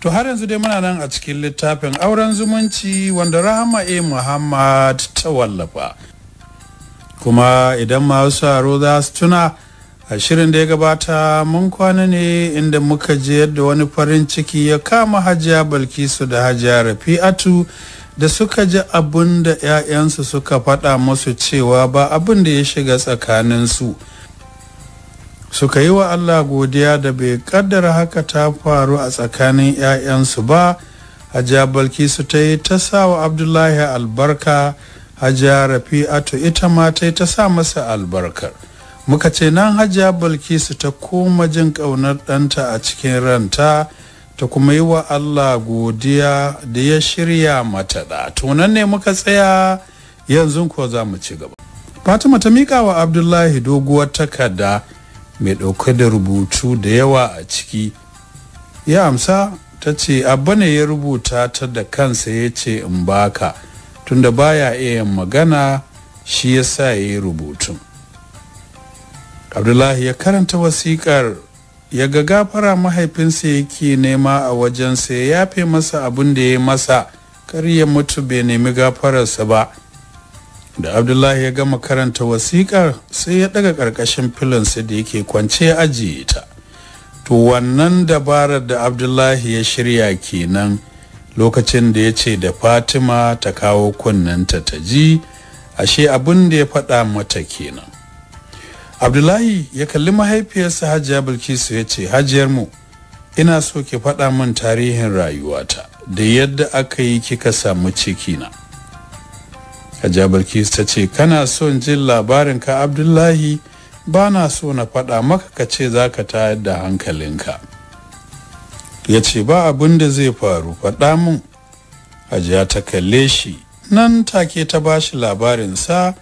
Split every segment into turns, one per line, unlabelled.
To har yanzu dai muna nan a cikin littafin auren zumunci wanda Rahama A. Muhammad ta wallafa. Kuma idan masu aro za su tuna a shirin da ya gabata mun kwana ne inda muka je yadda wani farin ciki ya kama hajiya Balkisu da hajiya Rafi'atu da suka ji abin da 'ya'yansu suka faɗa musu cewa ba abin da ya shiga tsakaninsu. su. suka yi wa Allah godiya da bai kaddara haka ta faru a tsakanin 'ya'yansu ba hajiya balkisu ta yi ta sa wa abdullahi albarka hajiya rafi'atu ita ma ta yi ta sa masa albarkar muka ce nan hajiya balkisu ta koma jin ƙaunar ɗanta a cikin ranta ta kuma yi wa Allah godiya da ya shirya mata da tunan ne muka tsaya yanzu ko za mu ci gaba fatima ta miƙa wa abdullahi doguwar takarda mai ɗauke da rubutu da yawa a ciki ya amsa ta ce abba ne ya rubuta ta da kansa ya ce in baka tunda baya iya magana shi ya sa ya yi rubutun abdullahi ya karanta wasikar ya ga gafara mahaifinsa yake nema a wajensa ya yafe masa abin da ya yi masa kar ya mutu bai nemi gafararsa ba da abdullahi ya gama karanta wasiƙar sai ya daga ƙarƙashin filinsa da yake kwance ya ajiye ta to wannan dabarar da abdullahi ya shirya kenan lokacin da ya ce da fatima ta kawo kunnanta ta ji ashe abin da ya faɗa mata kenan abdullahi ya kalli mahaifiyarsa hajiya bilkisu ya ce hajiyar mu ina so ki faɗa min tarihin rayuwata da yadda aka yi kika samu cikina. na hajja bilkisu ta ce kana son jin labarin ka abdullahi ba na so na faɗa maka ka ce za ka tayar da hankalinka ya ce ba abin da zai faru faɗa mun hajiya ta kalle shi nan take ta ba shi labarinsa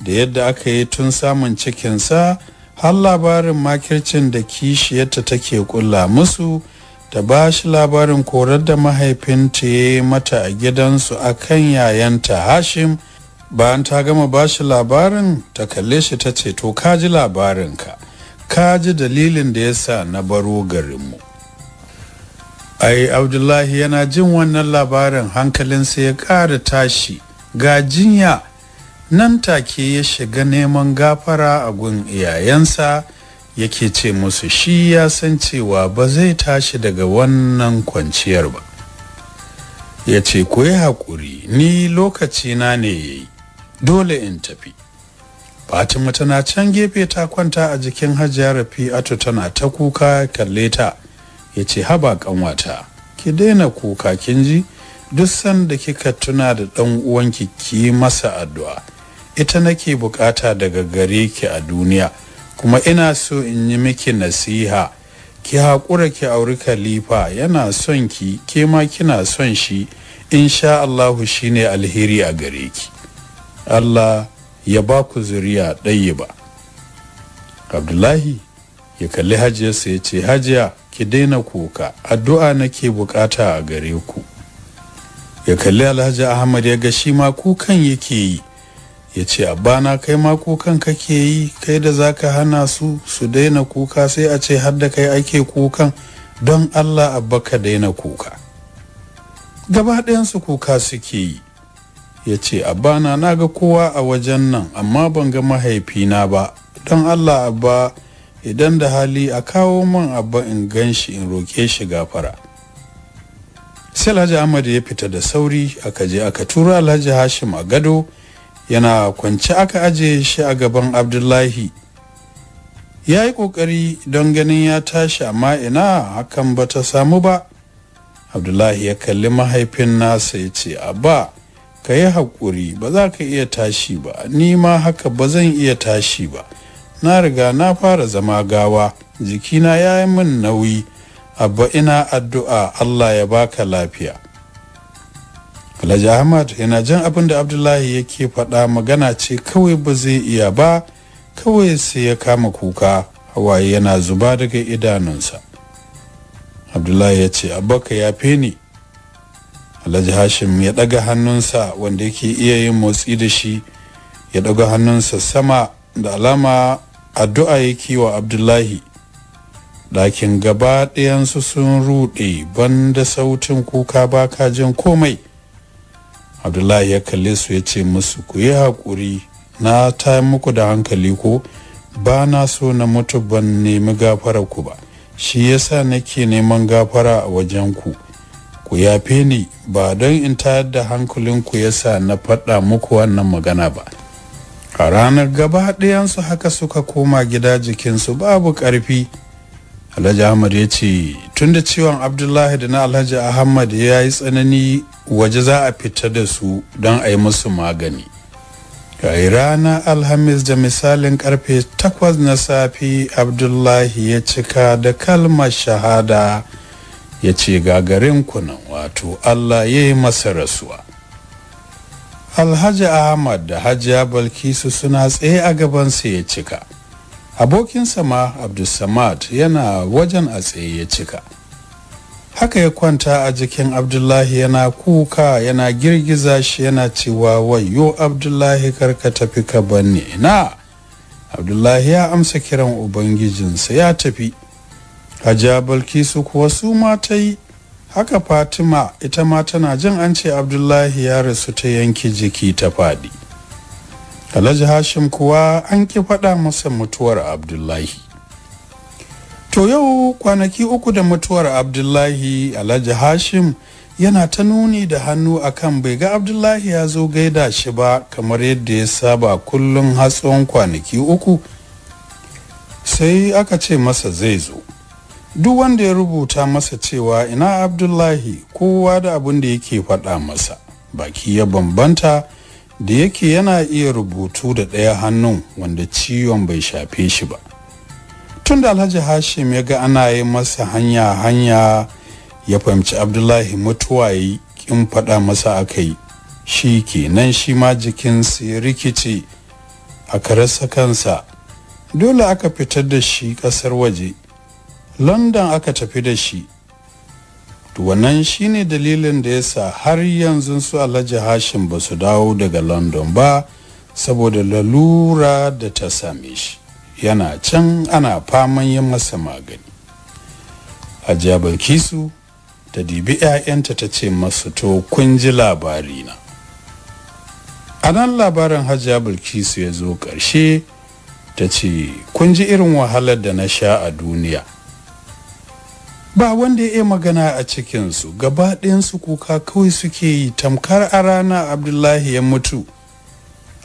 da yadda aka yi tun samun cikinsa har labarin makircin da kishiyarta take kulla musu ta ba shi labarin korar da mahaifinta ya yi mata a gidansu akan yayanta hashim bayan ta gama bashi labarin ta kalle shi ta ce to ka ji labarinka ka ji dalilin da ya sa na baro garinmu ai abdullahi yana jin wannan labarin hankalinsa ya ƙara tashi ga jinya nan take ya shiga neman gafara a gun iyayensa yake ce musu shi ya san cewa ba zai tashi daga wannan kwanciyar ba ya ce ku yi haƙuri ni lokacina ne yayi dole in tafi fatima tana can gefe ta kwanta a jikin hajiya ato tana ta kuka kalle ta ya ce haba kanwata ki daina kuka kin ji duk sanda kika tuna da dan uwanki ki masa addu'a ita nake bukata daga gare ki a duniya kuma ina so in yi miki nasiha ki haƙura ki auri khalifa yana son ki ke ma kina son shi insha Allahu shine alheri a gare ki Allah ya ba ku zuriya ɗaya ba abdullahi ya kalli hajiyarsa ya ce hajiya ki daina kuka addu'a nake bukata a gare ku ya kalli alhaji ahmad ya ga shi ma kukan yake yi ya ce abana kai ma kukan kake yi kai da za ka hana su su daina kuka sai a ce har da kai ake kukan don allah abba ka daina kuka gaba ɗayansu kuka suke yi ya ce abana na ga kowa a wajen nan amma ban ga mahaifina ba don allah abba idan da hali a kawo man abba in gan shi in roƙe shi gafara sai alhaji ahmad ya fita da sauri aka je aka tura alhaji hashim a gado yana kwance aka aje shi a gaban abdullahi ya yi ƙoƙari don ganin ya tashi amma ina hakan ba ta samu ba abdullahi ya kalli mahaifin nasa ya ce abba ka yi haƙuri ba za ka iya tashi ba ni ma haka ba zan iya tashi ba na riga na fara zama gawa jikina ya yi min nauyi abba ina addu'a allah ya baka lafiya alhaji ahmad yana jan abin da abdullahi yake faɗa magana ce kawai ba zai iya ba kawai sai ya kama kuka hawaye yana zuba daga idanunsa abdullahi ya ce abba ka yafe ni alhaji hashim ya daga hannunsa wanda yake iya yin motsi da shi ya daga hannunsa sama da alama addu'a yake wa abdullahi lakin gaba ɗayansu sun ruɗe banda sautin kuka ka jin komai abdullahi ya kalle su ya ce musu ku yi haƙuri na ta muku da hankali ko ba na so na mutu ban nemi gafara ku ba shi yasa nake neman gafara a wajen ku ku yafe ni ba don in tayar da hankulinku yasa na faɗa muku wannan magana ba a ranar gaba ɗayansu haka suka koma gida jikinsu babu ƙarfi alhaji ahmad ya ce tun da ciwon abdullahi da na alhaji ahmad ya yi tsanani waje za a fita da su don a yi musu magani kai rana alhamis da misalin karfe takwas na safi abdullahi ya cika da kalmar shahada ya ce gagarin kunan wato Allah ya yi masa rasuwa alhaji ahmad da hajiya balkisu suna tsaye a gabansa ya cika abokinsa ma abdulsamad yana wajen a tsaye ya cika haka ya kwanta a jikin abdullahi yana kuka yana girgiza shi yana cewa wayo abdullahi karka tafi ka banne na abdullahi ya amsa kiran ubangijinsa ya tafi hajiya balkisu kuwa su ma ta yi haka fatima ita ma tana jin an ce abdullahi ya rasu ta yanki jiki ta faɗi alhaji hashim kuwa an ki faɗa masa mutuwar abdullahi to yau kwanaki uku da mutuwar abdullahi alhaji hashim yana ta nuni da hannu akan bai ga abdullahi ya zo gaida shi ba kamar yadda ya saba kullum hatsuwan kwanaki uku sai aka ce masa zai zo duk wanda ya rubuta masa cewa ina abdullahi kowa da abin da yake faɗa masa baki ya bambanta da yake yana iya rubutu da ɗaya hannun wanda ciwon bai shafe shi ba tun da alhaji hashim ya ga ana yi masa hanya hanya ya fahimci abdullahi mutuwa yi kin faɗa masa aka yi shi kenan shi ma jikinsa ya rikice aka rasa kansa dole aka fitar da shi ƙasar waje london aka tafi da shi wannan shine dalilin da yasa har yanzu su alhaji hashim ba su dawo daga london ba saboda lalura da ta same shi yana can ana faman yin masa magani hajiya Kisu ta dibi 'ya'yanta ta ce masu to kun ji labari na a nan labarin hajiya Kisu ya zo ƙarshe ta ce kun ji irin wahalar da na sha a duniya ba wanda ya magana a cikinsu gaba su kuka kawai suke yi tamkar a rana abdullahi ya mutu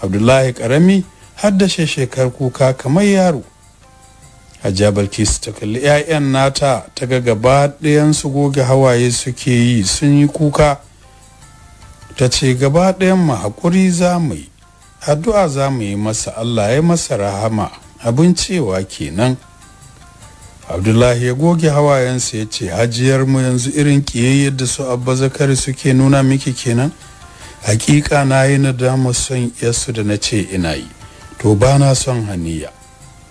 abdullahi karami haddashe shekar kuka kamar yaro jabal balkisu ta kalli 'ya'yan nata ta ga gaba su goge hawaye suke yi sun yi kuka ta ce gaba ɗayan mu haƙuri za mu yi addu'a za mu yi masa allah ya masa rahama abin cewa kenan abdullahi ya goge hawayensa ya ce hajiyar mu yanzu irin kiyayye da su abba zakari suke nuna miki kenan hakika na yi na dama son yasu da na ce ina yi to ba na son haniya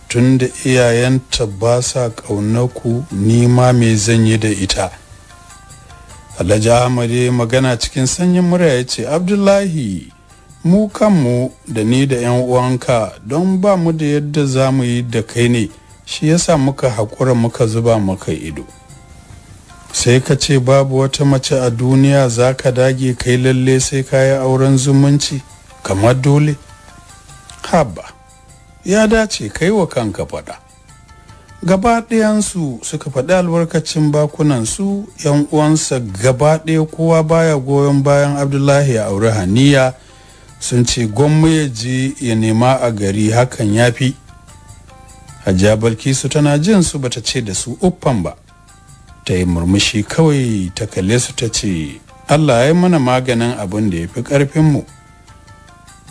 tun da iyayenta ba sa ƙaunaku nima me zan yi da ita alhaji ahmad ya magana cikin sanyin murya ya ce abdullahi mu kanmu da ni da 'yan uwanka don ba mu da yadda za mu yi da kai ne shi yasa muka haƙura muka zuba maka ido sai ka ce babu wata mace a duniya za ka dage kai lalle sai ka yi auren zumunci kamar dole haba ya dace kai wa kanka faɗa gaba ɗayansu suka faɗi albarkacin bakunansu yan uwansa gaba ɗaya kowa baya goyon bayan abdullahi a aure haniya sun ce gwamma ya je ya nema a gari hakan ya fi hajiya balkisu tana jin su bata ce da su uffan ba ta yi murmushi kawai ta kalle su ta ce allah ya mana maganin abin da ya fi ƙarfinmu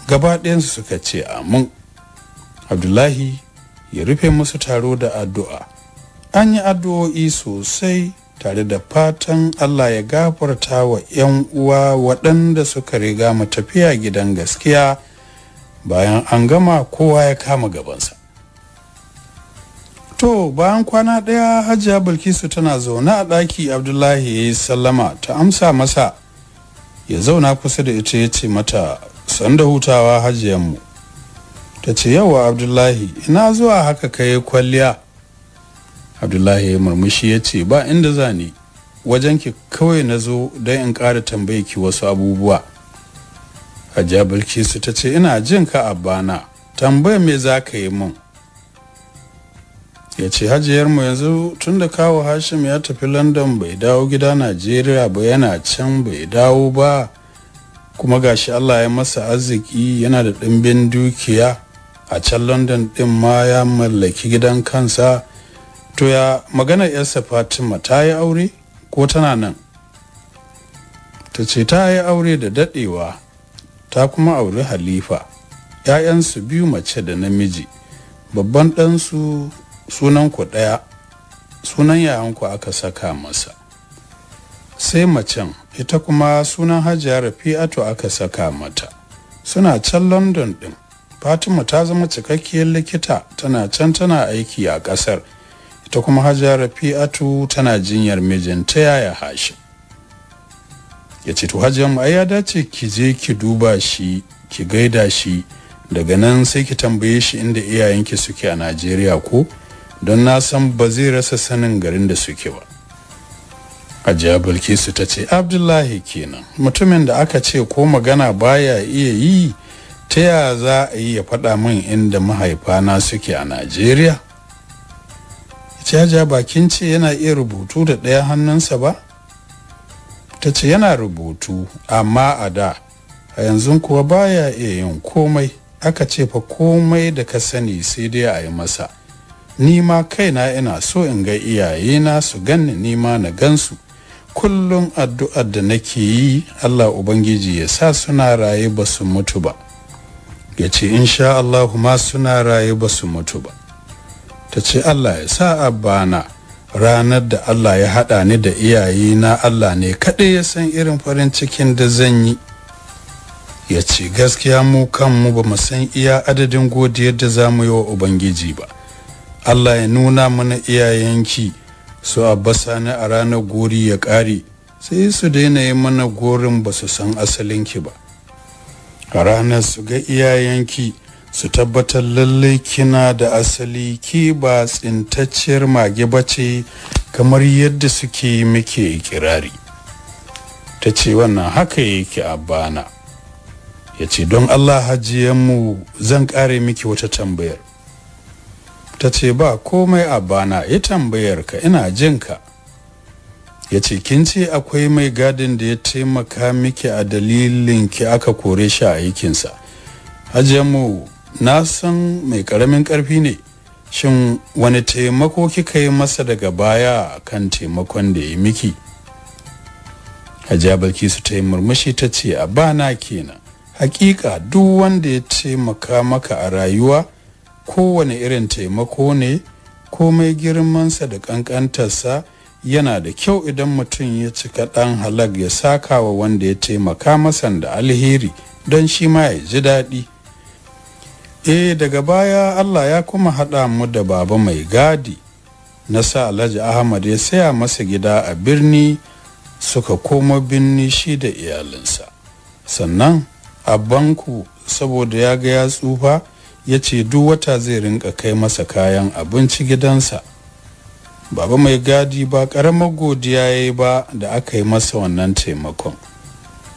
gaba ɗayansu suka ce amin abdullahi ya rufe musu taro da addu'a an yi addu'o'i sosai tare da fatan allah ya gafarta wa 'yan uwa waɗanda suka riga mu tafiya gidan gaskiya bayan an gama kowa ya kama gabansa to bayan kwana ɗaya hajiya bilkisu tana zaune a ɗaki abdullahi ya sallama ta amsa masa ya zauna kusa da ita ya ce mata sanda hutawa hajiyanmu ta ce yawa abdullahi ina zuwa haka ka kwalliya abdullahi ya murmushi ya ce ba inda zani ki kawai na zo don in ƙara tambaye wasu abubuwa hajiya bilkisu ta ce ina jin ka abana tambaya me za ka yi mun ya ce hajiyarmu yanzu tun da kawo hashim ya tafi london bai dawo gida najeriya ba yana can bai dawo ba kuma gashi allah ya masa arziki yana da ɗimbin dukiya a can london ɗin ma ya mallaki gidan kansa to ya magana yarsa fatima ta yi aure ko tana nan ta ce ta yi aure da daɗewa ta kuma auri halifa ‘ya'yansu biyu mace da namiji babban ɗansu sunan ku ɗaya sunan yayanku aka saka masa sai macen ita kuma sunan hajiya rafi'atu aka saka mata suna can london ɗin fatima ta zama cikakkiyar likita tana can tana aiki a ƙasar ita kuma hajiya rafi'atu tana jinyar mijin ta yaya hashi ya ce to hajiyar ai ya dace ki je ki duba shi ki gaida shi daga nan sai ki tambaye shi inda iyayenki suke a najeriya ko don na san ba zai rasa sanin garin da suke ba hajiya bilkisu ta ce abdullahi kenan mutumin da aka ce ko magana baya iya yi ta ya za a yi ya faɗa min inda mahaifana suke a najeriya jaja bakin ce yana iya rubutu da ɗaya hannunsa ba ta ce yana rubutu amma a da a yanzu kuwa baya iya yin komai aka ce fa komai da ka sani sai dai a yi masa ni ma kaina ina so in ga iyayena su ganni ni ma na gansu kullum addu'ar da nake yi Allah ubangiji ya sa suna raye ba su mutu ba ya ce insha Allah ma suna raye ba su mutu ba ta ce Allah ya sa abana ranar da Allah ya haɗa ni da iyayena Allah ne kaɗai ya san irin farin cikin da zan yi ya ce gaskiya mu kanmu ba mu san iya adadin godiyar da za mu yi wa ubangiji ba Allah ya nuna mana iyayenki su abbasani a ranar gori ya ƙare sai su daina yi mana gorin ba su san asalinki ba a ranar su ga iyayenki su tabbatar lallai kina da asali ki ba tsintacciyar mage ba ce kamar yadda suke muke kirari ta ce wannan haka yake abana ya ce don allah hajiyanmu zan kare miki wata tambayar ta ce ba komai a bana ya tambayar ka ina jin ka ya ce kin ce akwai mai gadin da ya taimaka miki a dalilin ki aka kore shi a aikinsa mu na san mai karamin karfi ne shin wani taimako kika yi masa daga baya kan taimakon da ya miki hajiya bilkisu ta yi murmushi ta ce a bana kenan hakika duk wanda ya taimaka maka a rayuwa kowane irin taimako ne komai girmansa da ƙanƙantarsa yana da kyau idan mutum ya cika ɗan halag ya saka wa wanda ya taimaka masa da alheri don shi ma ya ji daɗi e daga baya allah ya kuma haɗa mu da baba mai gadi na sa alhaji ahmad ya saya masa gida a birni suka koma birni shi da iyalinsa sannan a banku saboda ya ga ya tsufa ya ce duk wata zai rinka kai masa kayan abinci gidansa baba mai gadi ba karamar godiya ya yi ba da aka yi masa wannan taimakon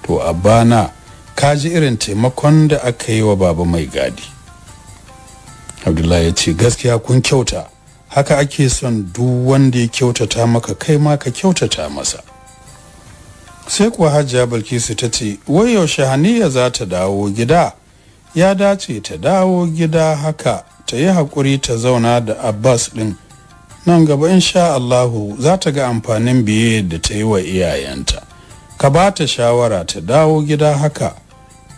to abana ka ji irin taimakon da aka yi wa baba mai gadi abdullahi ya ce gaskiya kun kyauta haka ake son duk wanda ya kyautata maka kai ma ka kyautata masa sai kuwa hajiya bilkisu ta ce wai yaushe haniya za ta dawo gida ya dace ta dawo gida haka ta yi haƙuri ta zauna da abbas ɗin nan gaba insha Allahu za ta ga amfanin biye da ta yi wa iyayenta ka ba ta shawara ta dawo gida haka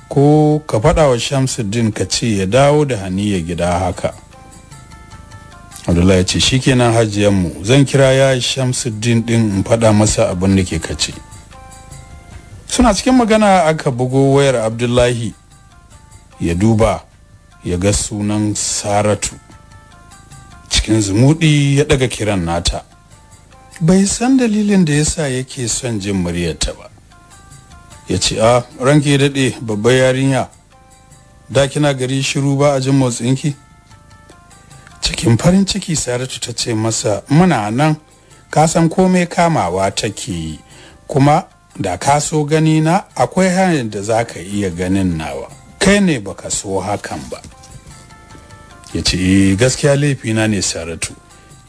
ko ka faɗa wa shamsuddin ka ce ya dawo da haniya gida haka abdullahi ya ce shikenan hajiyanmu zan kira ya shamsuddin din in faɗa masa abin da ke kace suna cikin magana aka bugo wayar abdullahi ya duba ya ga sunan saratu cikin zumudi ya ɗaga kiran nata bai san dalilin da yasa yake son jin muryarta ba ya ce a ah, ranke daɗe babbar yarinya da kina gari shiru ba a jin motsinki cikin farin ciki saratu ta ce masa muna nan ka san komai kamawa take kuma da ka so gani na akwai hanyar da za ka iya ganin nawa kai ne baka so hakan ba ya ce eh, gaskiya laifina ne saratu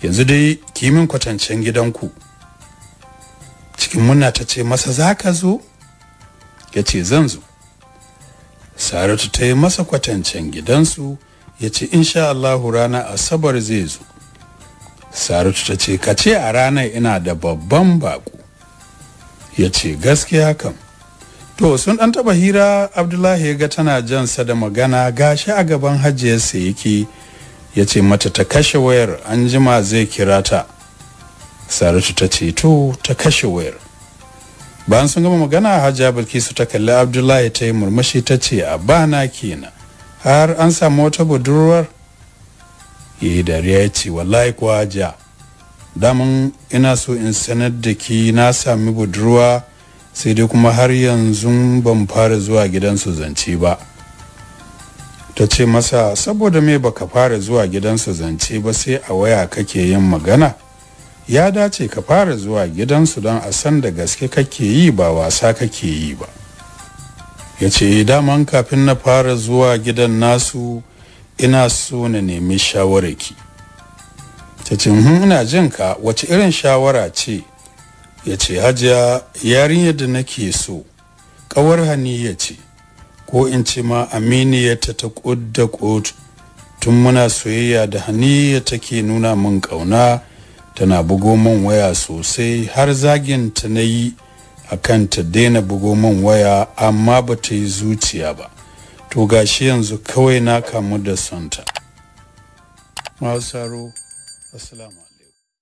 yanzu dai kimin kwatancen gidanku cikin muna ta ce masa za ka zo ya ce zan zo saratu ta yi masa kwatancen gidansu ya ce insha Allahu rana asabar zai zo saratu ta ce ka ce a ranar ina da babban baku ya ce gaskiya kam to sun ɗan taba hira abdullahi ga tana jansa da magana gashi a gaban hajiyarsa yake ya ce mata ta kashe wayar an jima zai kira ta saratu ta ce to ta kashe wayar bayan sun gama magana hajiya bilkisu ta kalli abdullahi ta yi murmushi ta ce a bana kenan har an samu wata budurwar yi dariya ya ce wallahi kuwa hajiya damun ina so in sanar da ki na sami budurwa sai dai kuma har yanzu ban fara zuwa gidansu zance ba ta ce masa saboda me baka fara zuwa gidansu zance ba sai a waya kake yin magana ya dace ka fara zuwa gidansu don a san da gaske kake yi ba wasa kake yi ba ya ce eh, daman kafin na fara zuwa gidan nasu ina so na nemi shawararki ta ce hmm, ina jin ka wace irin shawara ce ya ce hajiya yarinyar da nake so ƙawar ya ce ko in ce ma aminiyarta ta ƙudda kotu tun muna soyayya da haniya take nuna min ƙauna tana bugo min waya sosai har zaginta ta na yi akan ta daina bugo min waya amma ba ta yi zuciya ba to gashi yanzu kawai na kamu da sonta. Masu saro, Assalamu